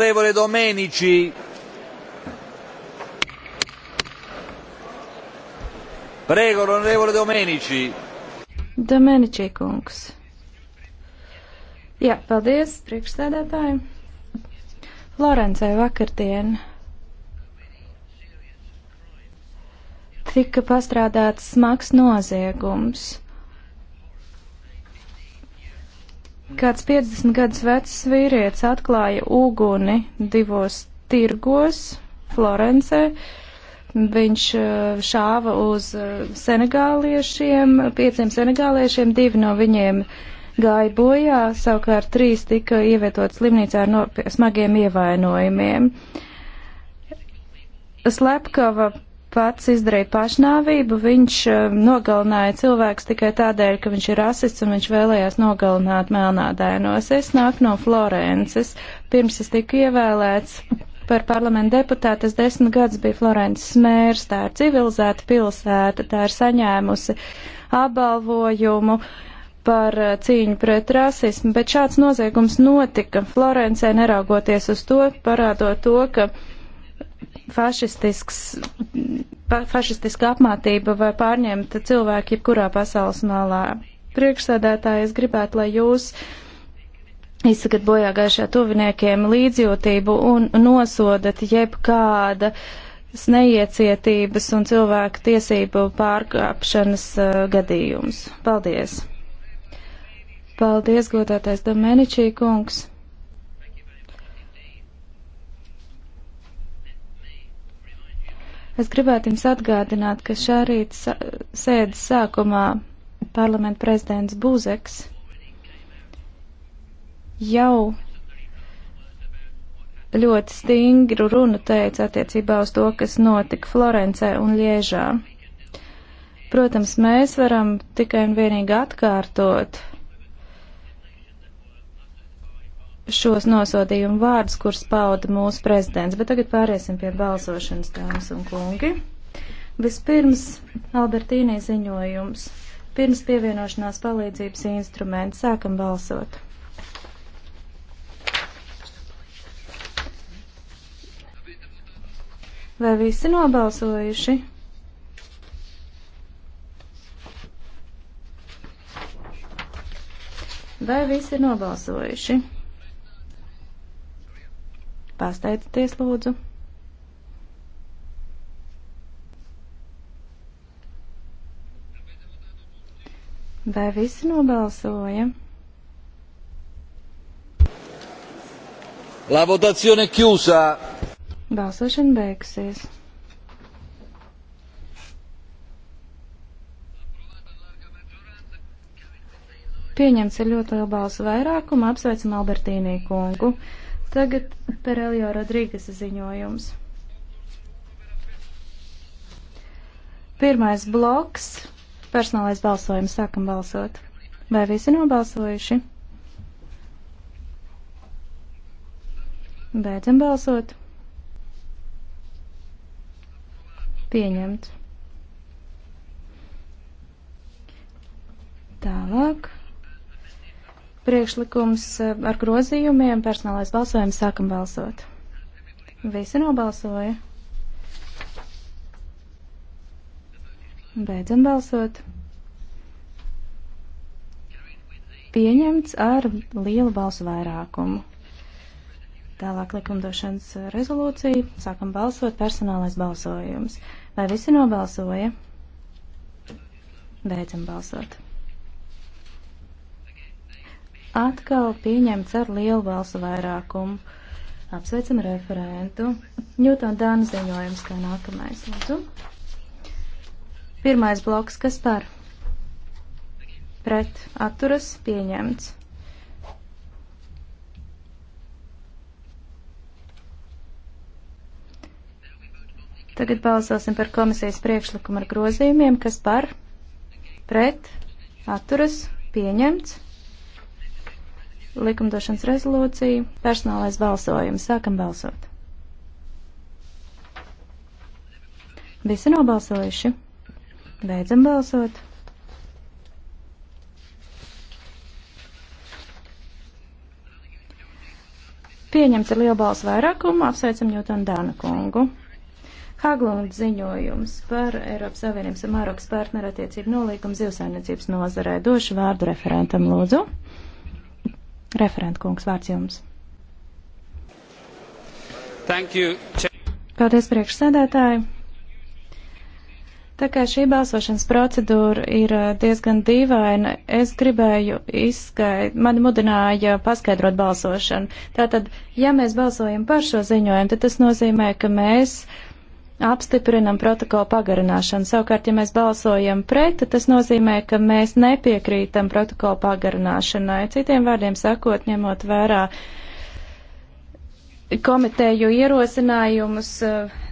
Onorevole Domenici. Prego, onorevole Domenici. Domenici kungs. Jā, paldies, priekšsēdētāji. Lorencei vakardien tika pastrādāts smags noziegums Kāds 50 gadus vecs vīrietis atklāja uguni divos tirgos Florencē. Viņš uh, šāva uz uh, senegāliešiem, pieciem senegāliešiem, divi no viņiem gāja bojā, savukārt trīs tika ievietot slimnīcā ar no, smagiem ievainojumiem. Slepkava pats izdarīja pašnāvību, viņš eh, nogalināja cilvēks tikai tādēļ, ka viņš ir rasists un viņš vēlējās nogalināt melnādainos. Es nāku no Florences, pirms es tiku ievēlēts par parlamentu deputātu, es desmit gadus biju Florences mērs, tā ir civilizēta pilsēta, tā ir saņēmusi apbalvojumu par eh, cīņu pret rasismu, bet šāds noziegums notika Florencē, neraugoties uz to, parādot to, ka fašistisks, pa, fašistiska apmātība var pārņemt cilvēki jebkurā pasaules malā. Priekšsēdētāji, es gribētu, lai jūs izsakat bojā gaišā tuviniekiem līdzjūtību un nosodat jebkāda neiecietības un cilvēku tiesību pārkāpšanas uh, gadījums. Paldies! Paldies, godātais Domeničī kungs! Es gribētu jums atgādināt, ka šā rīta sēdes sākumā parlamenta prezidents Buzeks jau ļoti stingru runu teica attiecībā uz to, kas notika Florencē un Liežā. Protams, mēs varam tikai un vienīgi atkārtot šos nosodījumu vārdus, kurus pauda mūsu prezidents. Bet tagad pāriesim pie balsošanas, dāmas un kungi. Vispirms Albertīnī ziņojums. Pirms pievienošanās palīdzības instruments sākam balsot. Vai visi nobalsojuši? Vai visi ir nobalsojuši? Pārsteidieties, lūdzu. Vai visi nobalsoja? La votazione è chiusa. Balsošana beigusies. Pieņemts ir ļoti liela balsu vairākuma. Apsveicam Albertīnī kungu. Tagad par Elio Rodrīgas ziņojums. Pirmais bloks. Personālais balsojums. Sākam balsot. Vai visi nobalsojuši? Beidzam balsot. Pieņemt. priekšlikums eh, ar grozījumiem, personālais balsojums, sākam balsot. Visi nobalsoja. Beidzam balsot. Pieņemts ar lielu balsu vairākumu. Tālāk likumdošanas rezolūcija. Sākam balsot personālais balsojums. Vai visi nobalsoja? Beidzam balsot atkal pieņemts ar lielu balsu vairākumu. Apsveicam referentu. Ņūtona Dāna ziņojums, kā nākamais. Lūdzu. Pirmais bloks, kas par? Pret atturas pieņemts. Tagad balsosim par komisijas priekšlikumu ar grozījumiem, kas par pret atturas pieņemts likumdošanas rezolūciju, personālais balsojums. Sākam balsot. Visi nobalsojuši. Beidzam balsot. Pieņemts ar lielu balsu vairākumu, apsveicam Ņūtonu Dāna kungu. Haglund ziņojums par Eiropas Savienības un Marokas partnerattiecību nolīgumu zivsainiecības nozarē. Došu vārdu referentam, lūdzu. Referent kungs, vārds jums. Paldies, priekšsēdētāji. Tā kā šī balsošanas procedūra ir uh, diezgan dīvaina, es gribēju izskaidrot, mani mudināja paskaidrot balsošanu. Tātad, ja mēs balsojam par šo ziņojumu, tad tas nozīmē, ka mēs uh, apstiprinam protokolu pagarināšanu. Savukārt, ja mēs balsojam pret, tas nozīmē, ka mēs nepiekrītam protokolu pagarināšanai. Citiem vārdiem sakot, ņemot vērā komiteju ierosinājumus,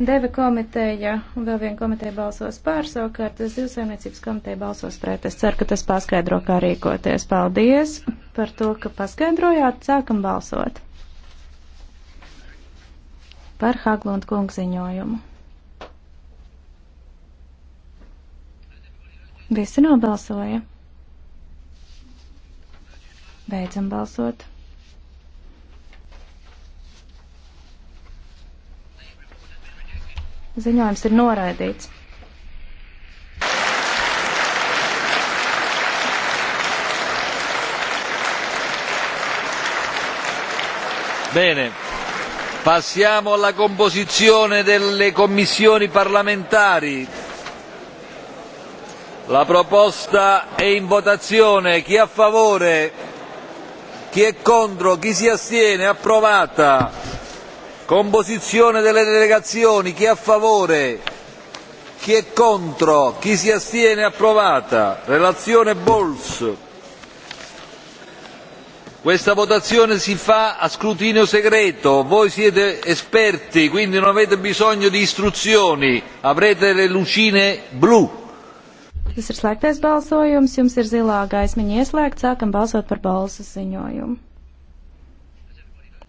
deve komiteja un vēl viena komiteja balsos pār, savukārt zivsaimniecības komiteja balsos pret. Es ceru, ka tas paskaidro, kā rīkoties. Paldies par to, ka paskaidrojāt. Sākam balsot par Haglund kungu ziņojumu. Visi nobalsoja. Beidzam balsot. Ziņojums ir noraidīts. Bene. Passiamo alla composizione delle commissioni parlamentari. La proposta è in votazione. Chi è a favore? Chi è contro? Chi si astiene? Approvata. Composizione delle delegazioni. Chi è a favore? Chi è contro? Chi si astiene? Approvata. Relazione Bols. Questa votazione si fa a scrutinio segreto, voi siete esperti, quindi non avete bisogno di istruzioni, avrete le lucine blu. Tas ir slēgtais balsojums, jums ir zilā gaismiņa ieslēgta, sākam balsot par balsu ziņojumu.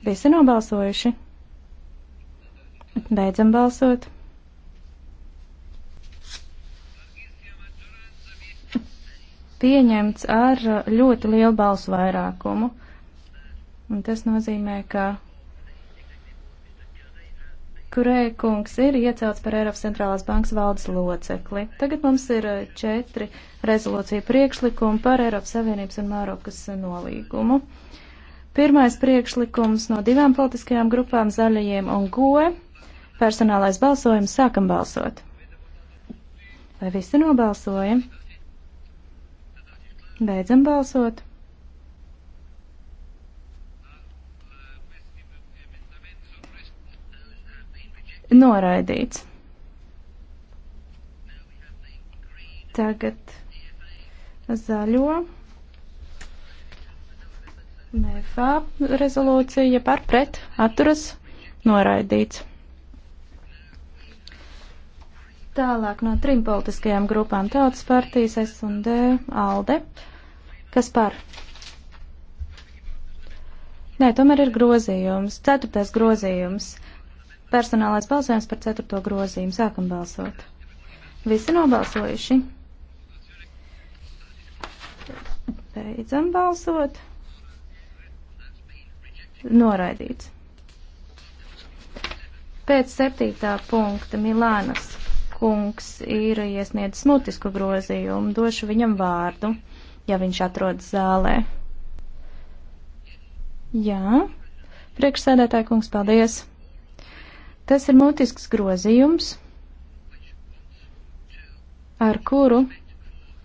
Visi nobalsojuši. Beidzam balsot. Pieņemts ar ļoti lielu balsu vairākumu. Un tas nozīmē, ka Kurē kungs ir iecelts par Eiropas centrālās bankas valdes locekli. Tagad mums ir eh, četri rezolūcija priekšlikumi par Eiropas Savienības un Mārokas nolīgumu. Pirmais priekšlikums no divām politiskajām grupām - zaļajiem un goe. Personālais balsojums sākam balsot. Vai visi nobalsoja? Beidzam balsot. Noraidīts. Tagad zaļo. MFA rezolūcija par pret atturas noraidīts. Tālāk no trim politiskajām grupām tautas partijas S&D ALDE. Kas par? Nē, tomēr ir grozījums. Ceturtais grozījums. Personālais balsojums par ceturto grozījumu. Sākam balsot. Visi nobalsojuši. Beidzam balsot. Noraidīts. Pēc septītā punkta Milānas kungs ir iesniedzis mutisku grozījumu. Došu viņam vārdu, ja viņš atrodas zālē. Jā. Priekšsēdētāji kungs, paldies! Tas ir mutisks grozījums, ar kuru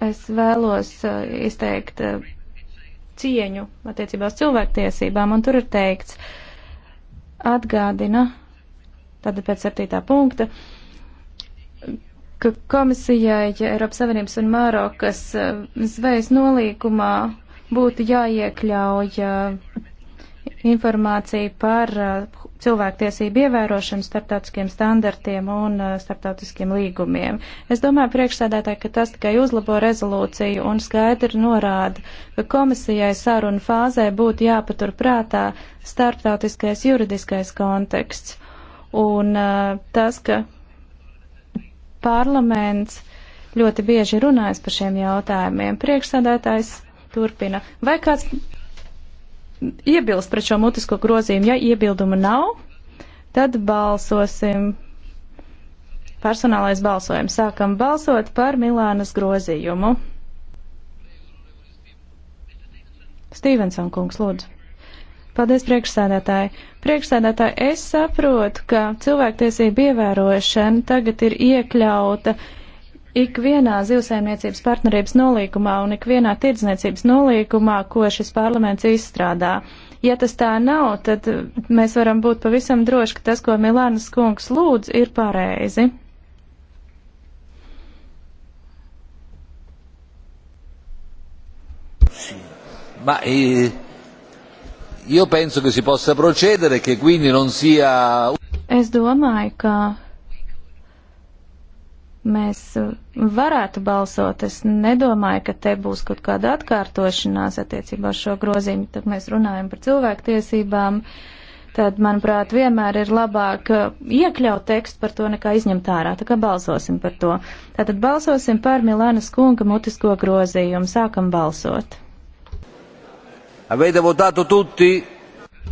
es vēlos eh, izteikt eh, cieņu attiecībā uz cilvēktiesībām, un tur ir teikts, atgādina, tātad pēc septītā punkta, ka komisijai Eiropas Savienības un Mārokas eh, zvejas nolīkumā būtu jāiekļauj informāciju par uh, cilvēktiesību ievērošanu starptautiskiem standartiem un uh, starptautiskiem līgumiem. Es domāju, priekšsēdētāji, ka tas tikai uzlabo rezolūciju un skaidri norāda, ka komisijai sarunu fāzē būtu jāpatur prātā starptautiskais juridiskais konteksts. Un uh, tas, ka parlaments ļoti bieži runājas par šiem jautājumiem, priekšsēdētājs turpina. Vai kāds iebilst pret šo mutisko grozījumu. Ja iebildumu nav, tad balsosim. Personālais balsojums. Sākam balsot par Milānas grozījumu. Stevenson kungs, lūdzu. Paldies, priekšsēdētāji. Priekšsēdētāji, es saprotu, ka cilvēktiesība ievērošana tagad ir iekļauta uh, Ikvienā zivsaimniecības partnerības nolīgumā un ikvienā tirdzniecības nolīgumā, ko šis parlaments izstrādā. Ja tas tā nav, tad mēs varam būt pavisam droši, ka tas, ko Milānas kungs lūdz, ir pareizi. Ma, eh, io penso che si possa procedere, che quindi non sia. Es domāju, ka mēs uh, varētu balsot. Es nedomāju, ka te būs kaut kāda atkārtošanās attiecībā uz šo grozījumu. Tad mēs runājam par cilvēktiesībām. Tad, manuprāt, vienmēr ir labāk uh, iekļaut tekstu par to, nekā izņemt ārā. Tā kā balsosim par to. Tātad balsosim par Milānas kunga mutisko grozījumu. Sākam balsot.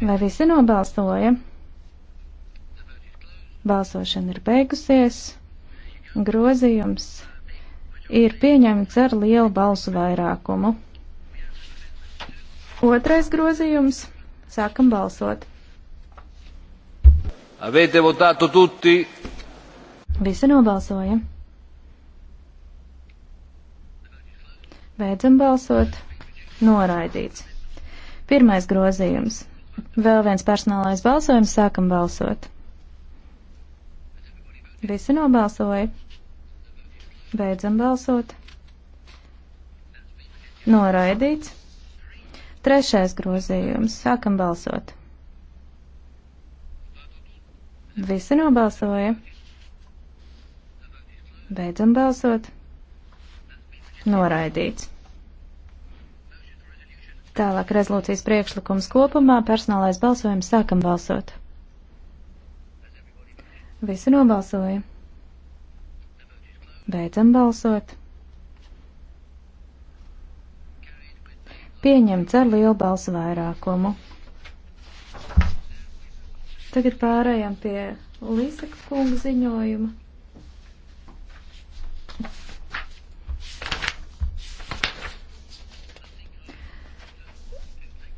Vai visi nobalsoja? Balsošana ir beigusies grozījums ir pieņemts ar lielu balsu vairākumu. Otrais grozījums. Sākam balsot. Avete votato tutti? Visi nobalsoja. Beidzam balsot. Noraidīts. Pirmais grozījums. Vēl viens personālais balsojums. Sākam balsot. Visi nobalsoja. Beidzam balsot. Noraidīts. Trešais grozījums. Sākam balsot. Visi nobalsoja. Beidzam balsot. Noraidīts. Tālāk rezolūcijas priekšlikums kopumā personālais balsojums sākam balsot. Visi nobalsoja. Beidzam balsot. Pieņemts ar lielu balsu vairākumu. Tagad pārējām pie Līsaka kunga ziņojuma.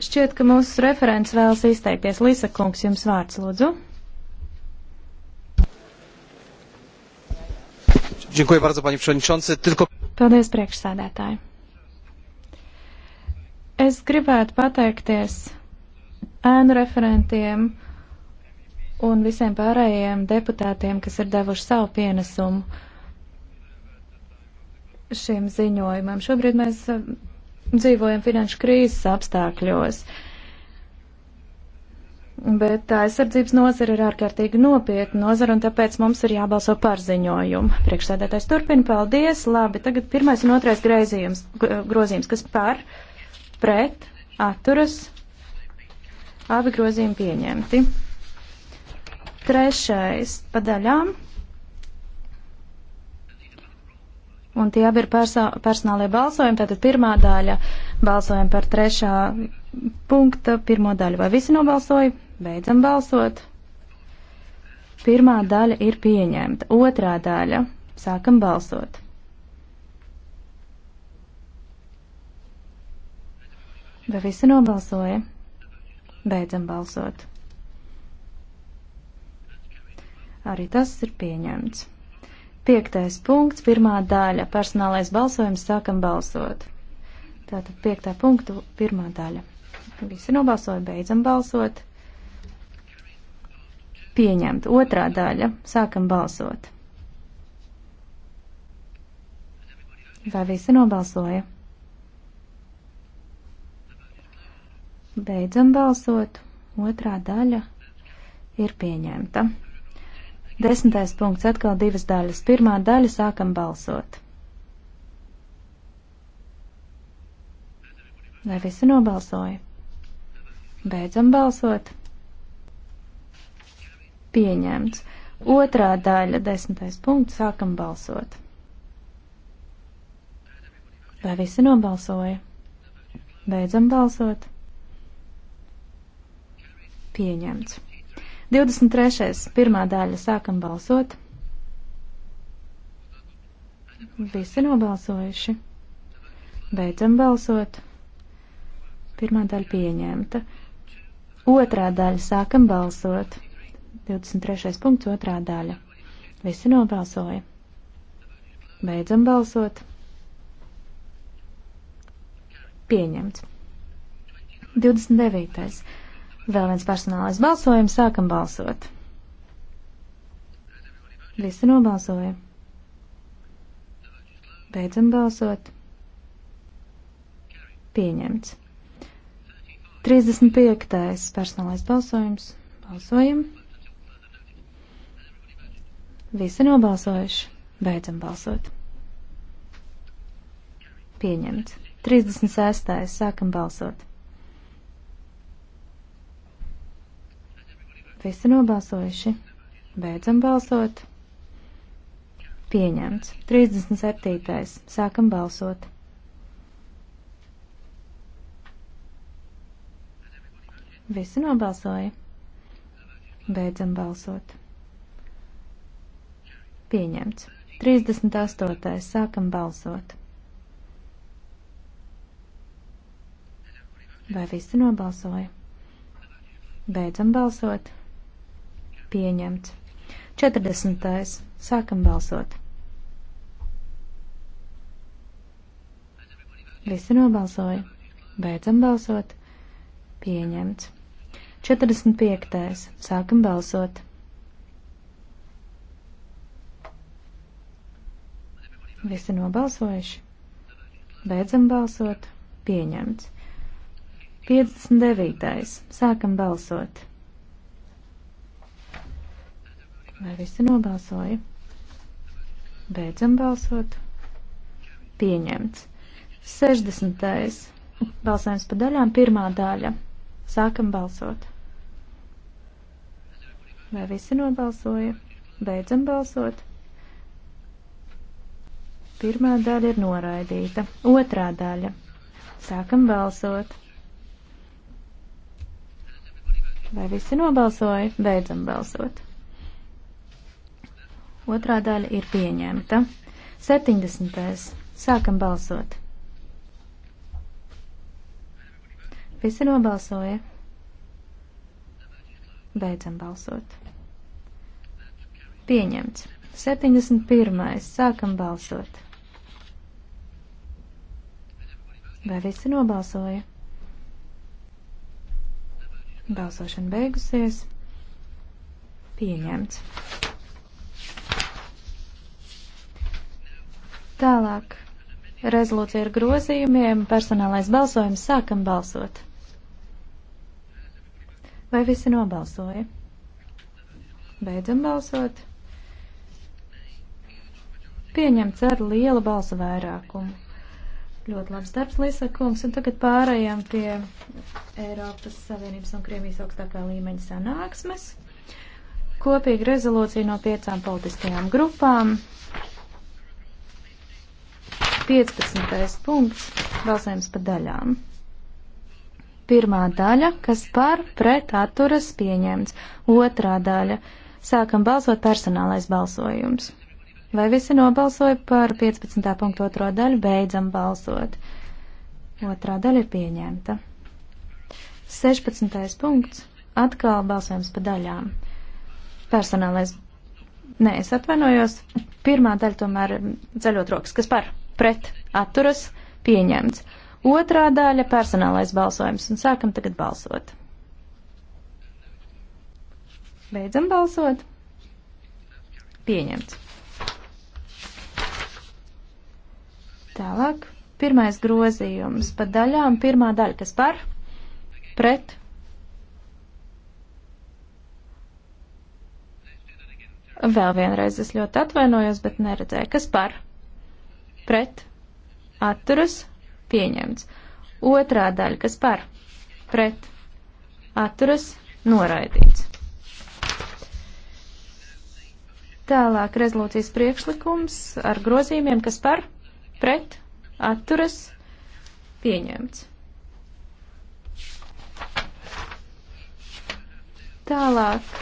Šķiet, ka mūsu referents vēlas izteikties. Līsaka kungs, jums vārds lūdzu. Bardzo, Tilko... Paldies, priekšsēdētāji. Es gribētu pateikties ēnu referentiem un visiem pārējiem deputātiem, kas ir devuši savu pienesumu šiem ziņojumam. Šobrīd mēs eh, dzīvojam finanšu krīzes apstākļos. Uh, Bet aizsardzības nozara ir ārkārtīgi nopietna nozara, un tāpēc mums ir jābalso par ziņojumu. Priekšsēdētājs turpina, paldies, labi, tagad pirmais un otrais grēzījums, grozījums, kas par, pret, atturas, abi grozījumi pieņemti. Trešais pa daļām, un tie abi ir personālie balsojumi, tātad pirmā daļa balsojumi par trešā punkta pirmo daļu. Vai visi nobalsoja? Beidzam balsot. Pirmā daļa ir pieņemta. Otrā daļa. Sākam balsot. Vai visi nobalsoja? Beidzam balsot. Arī tas ir pieņemts. Piektais punkts, pirmā daļa. Personālais balsojums sākam balsot. Tātad piektā punktu pirmā daļa. Visi nobalsoja, beidzam balsot. Pieņemt. Otrā daļa. Sākam balsot. Vai visi nobalsoja? Beidzam balsot. Otrā daļa ir pieņemta. Desmitais punkts atkal divas daļas. Pirmā daļa sākam balsot. Vai visi nobalsoja? Beidzam balsot pieņemts. Otrā daļa, desmitais punkts, sākam balsot. Vai visi nobalsoja? Beidzam balsot. Pieņemts. 23. pirmā daļa, sākam balsot. Visi nobalsojuši. Beidzam balsot. Pirmā daļa pieņemta. Otrā daļa sākam balsot. 23. punkts, otrā daļa. Visi nobalsoja. Beidzam balsot. Pieņemts. 29. Vēl viens personālais balsojums. Sākam balsot. Visi nobalsoja. Beidzam balsot. Pieņemts. 35. personālais balsojums. Balsojam. Visi nobalsojuši. Beidzam balsot. Pieņemts. 36. Sākam balsot. Visi nobalsojuši. Beidzam balsot. Pieņemts. 37. Sākam balsot. Visi nobalsoja. Beidzam balsot. Pieņemts. 38. Sākam balsot. Vai visi nobalsoja? Beidzam balsot. Pieņemts. 40. Sākam balsot. Visi nobalsoja. Beidzam balsot. Pieņemts. 45. Sākam balsot. Visi nobalsojuši. Beidzam balsot. Pieņemts. 59. Sākam balsot. Vai visi nobalsoja? Beidzam balsot. Pieņemts. 60. Balsojums pa daļām. Pirmā daļa. Sākam balsot. Vai visi nobalsoja? Beidzam balsot. Pirmā daļa ir noraidīta. Otrā daļa. Sākam balsot. Vai visi nobalsoja? Beidzam balsot. Otrā daļa ir pieņemta. 70. Sākam balsot. Visi nobalsoja. Beidzam balsot. Pieņemts. 71. Sākam balsot. Vai visi nobalsoja? Balsošana beigusies. Pieņemts. Tālāk. Rezolūcija ar grozījumiem. Personālais balsojums. Sākam balsot. Vai visi nobalsoja? Beidzam balsot. Pieņemts ar lielu balsu vairākumu. Ļoti labs darbs, Līsā kungs, un tagad pārējām pie Eiropas Savienības un Krievijas augstākā līmeņa sanāksmes. Kopīga rezolūcija no piecām politiskajām grupām. 15. punkts, balsējums pa daļām. Pirmā daļa, kas par pret atturas pieņemts. Otrā daļa, sākam balsot personālais balsojums. Vai visi nobalsoja par 15. punktu otro daļu? Beidzam balsot. Otrā daļa ir pieņemta. 16. punkts. Atkal balsojums pa daļām. Personālais. Nē, es atvainojos. Pirmā daļa tomēr ceļot rokas. Kas par? Pret. Atturas. Pieņemts. Otrā daļa - personālais balsojums. Un sākam tagad balsot. Beidzam balsot. Pieņemts. Tālāk, pirmais grozījums pa daļām, pirmā daļa, kas par, pret, vēl vienreiz es ļoti atvainojos, bet neredzēju, kas par, pret, atturas, pieņemts. Otrā daļa, kas par, pret, atturas, noraidīts. Tālāk rezolūcijas priekšlikums ar grozījumiem, kas par, pret, pret, atturas, pieņemts. Tālāk.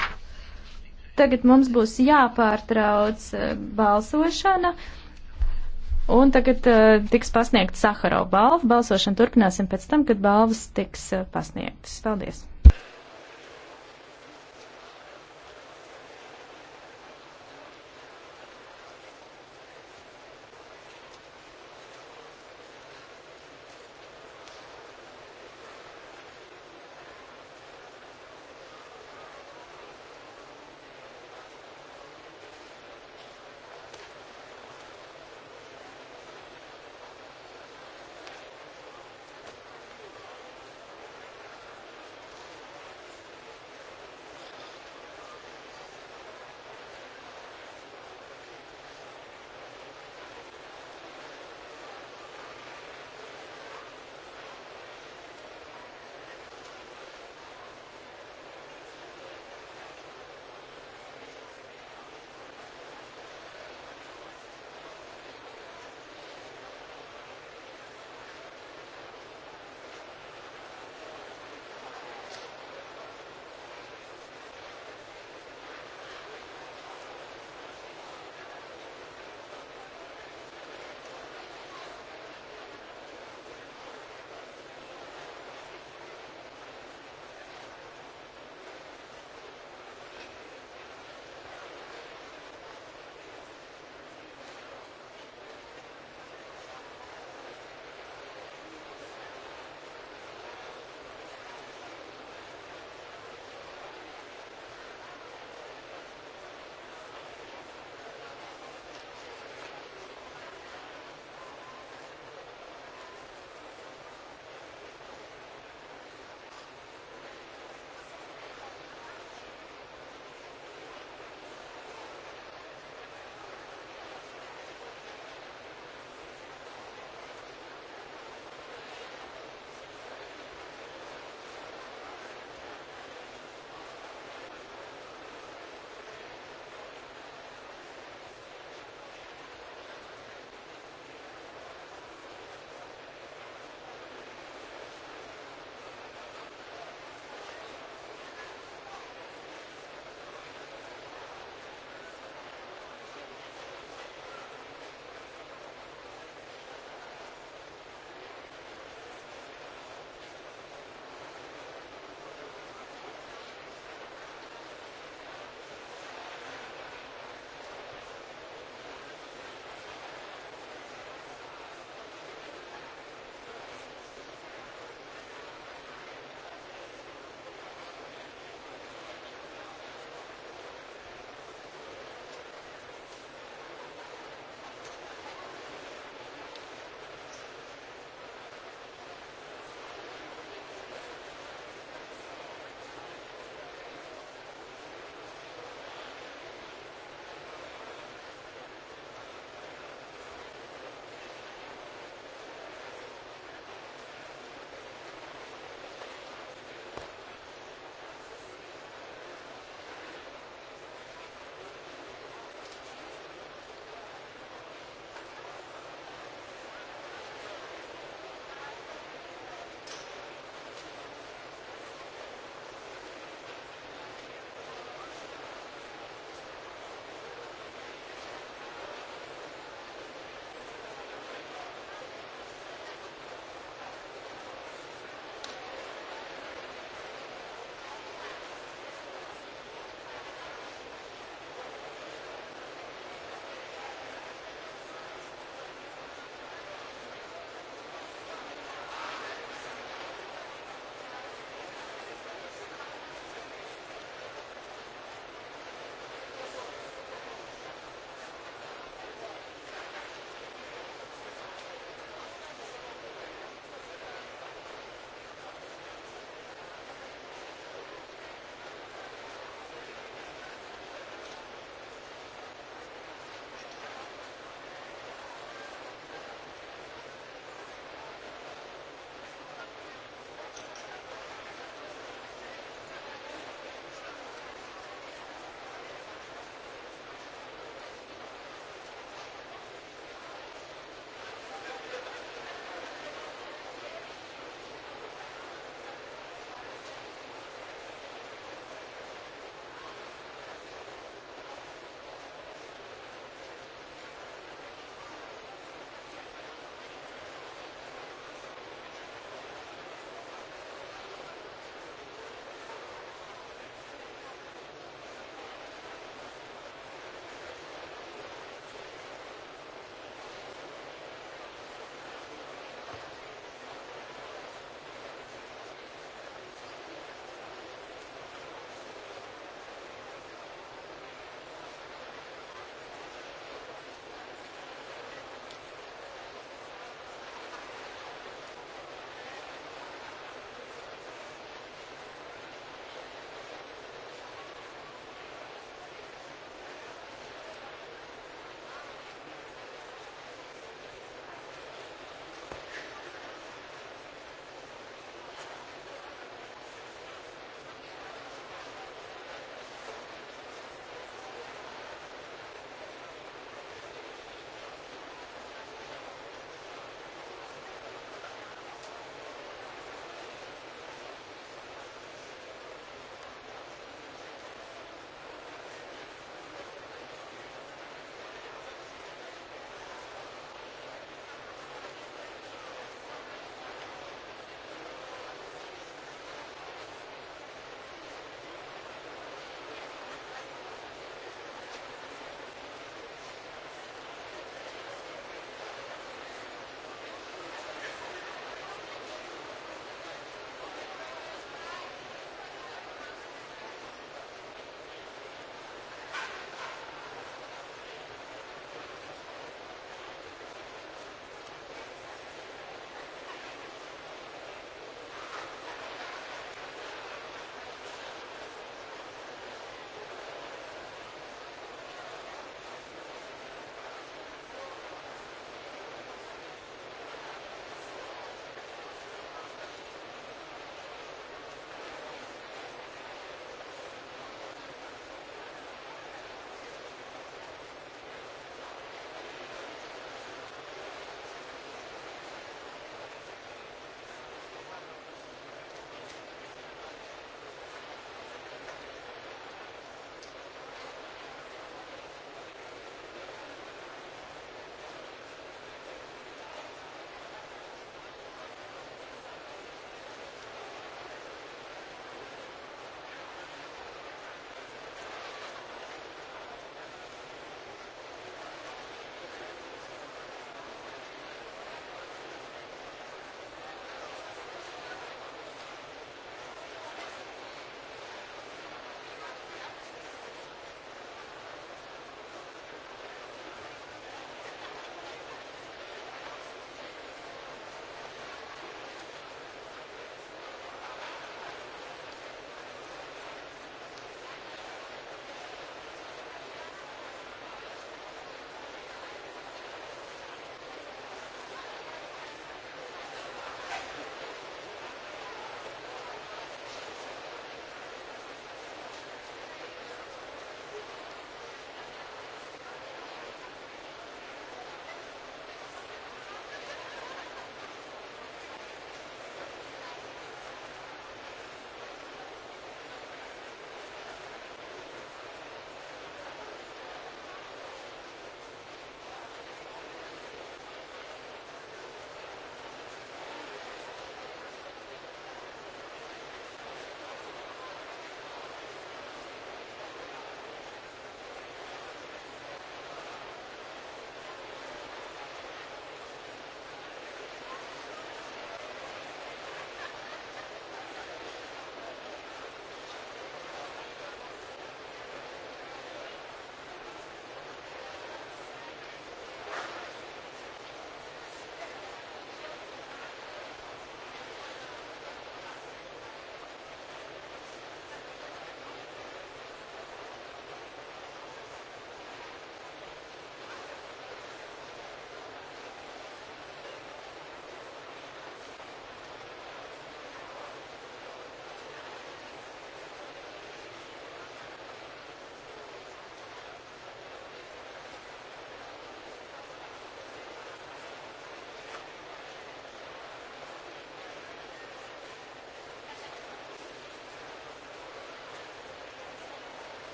Tagad mums būs jāpārtrauc eh, balsošana, un tagad uh, tiks pasniegta Saharova balva. Balsošanu turpināsim pēc tam, kad balvas tiks eh, pasniegtas. Paldies!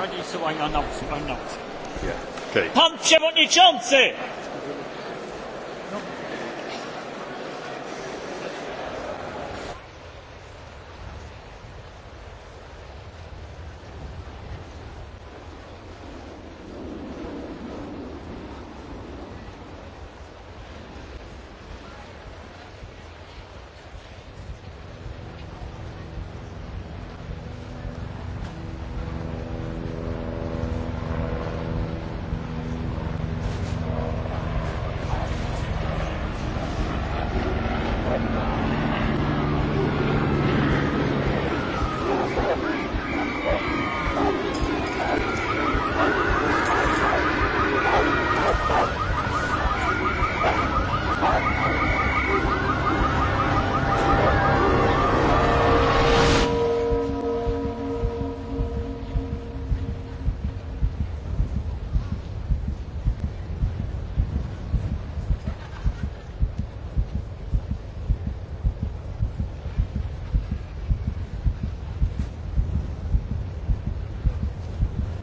ready, so I announce. announce. Yeah. Okay. Pan Przewodniczący!